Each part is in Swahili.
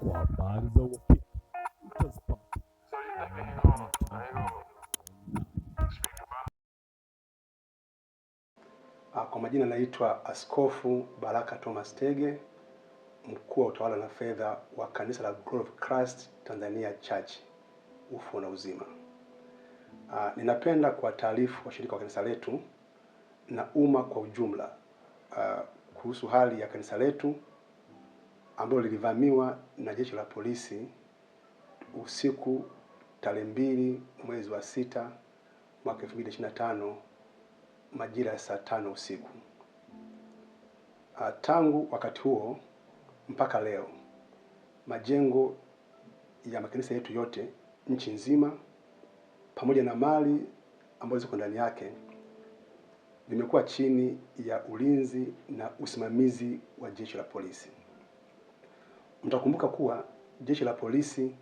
kwa habari za ah, kwa majina. Naitwa Askofu Baraka Thomas Tege, mkuu wa utawala na fedha wa kanisa la Glory of Christ Tanzania Church Ufufuo na Uzima. Uh, ninapenda kuwataarifu washirika wa kanisa letu na umma kwa ujumla uh, kuhusu hali ya kanisa letu ambalo lilivamiwa na jeshi la polisi usiku tarehe mbili mwezi wa sita mwaka tano majira ya saa tano usiku. Ah, tangu wakati huo mpaka leo majengo ya makanisa yetu yote nchi nzima pamoja na mali ambazo ziko ndani yake vimekuwa chini ya ulinzi na usimamizi wa jeshi la polisi. Mtakumbuka kuwa jeshi la polisi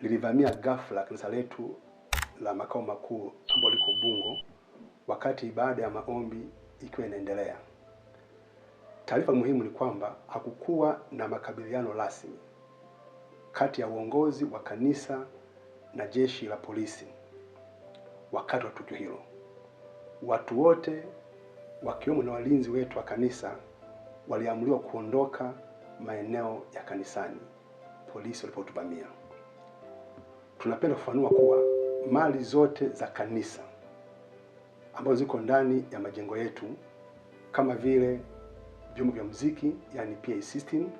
lilivamia ghafla kanisa letu la makao makuu ambalo liko Ubungo wakati ibada ya maombi ikiwa inaendelea. Taarifa muhimu ni kwamba hakukuwa na makabiliano rasmi kati ya uongozi wa kanisa na jeshi la polisi wakati wa tukio hilo. Watu wote wakiwemo na walinzi wetu wa kanisa waliamriwa kuondoka maeneo ya kanisani polisi walipotuvamia. Tunapenda kufanua kuwa mali zote za kanisa ambazo ziko ndani ya majengo yetu kama vile vyombo vya muziki, yani PA system,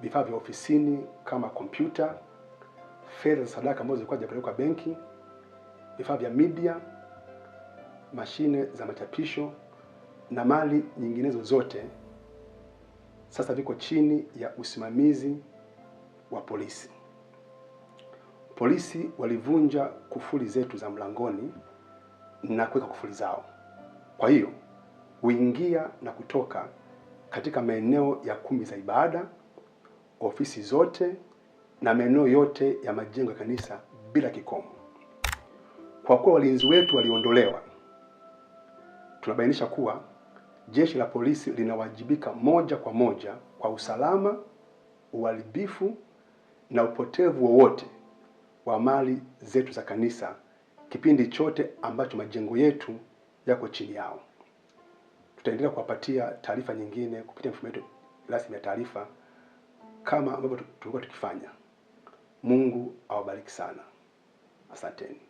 vifaa vya ofisini kama kompyuta, fedha za sadaka ambazo zilikuwa zinapelekwa benki, vifaa vya media, mashine za machapisho na mali nyinginezo zote sasa viko chini ya usimamizi wa polisi. Polisi walivunja kufuli zetu za mlangoni na kuweka kufuli zao, kwa hiyo huingia na kutoka katika maeneo ya kumbi za ibada, ofisi zote na maeneo yote ya majengo ya kanisa bila kikomo. Kwa kuwa walinzi wetu waliondolewa, tunabainisha kuwa jeshi la polisi linawajibika moja kwa moja kwa usalama, uharibifu na upotevu wowote wa, wa mali zetu za kanisa kipindi chote ambacho majengo yetu yako chini yao. Tutaendelea kuwapatia taarifa nyingine kupitia mfumo wetu rasmi ya taarifa kama ambavyo tulikuwa tukifanya. Mungu awabariki sana. Asanteni.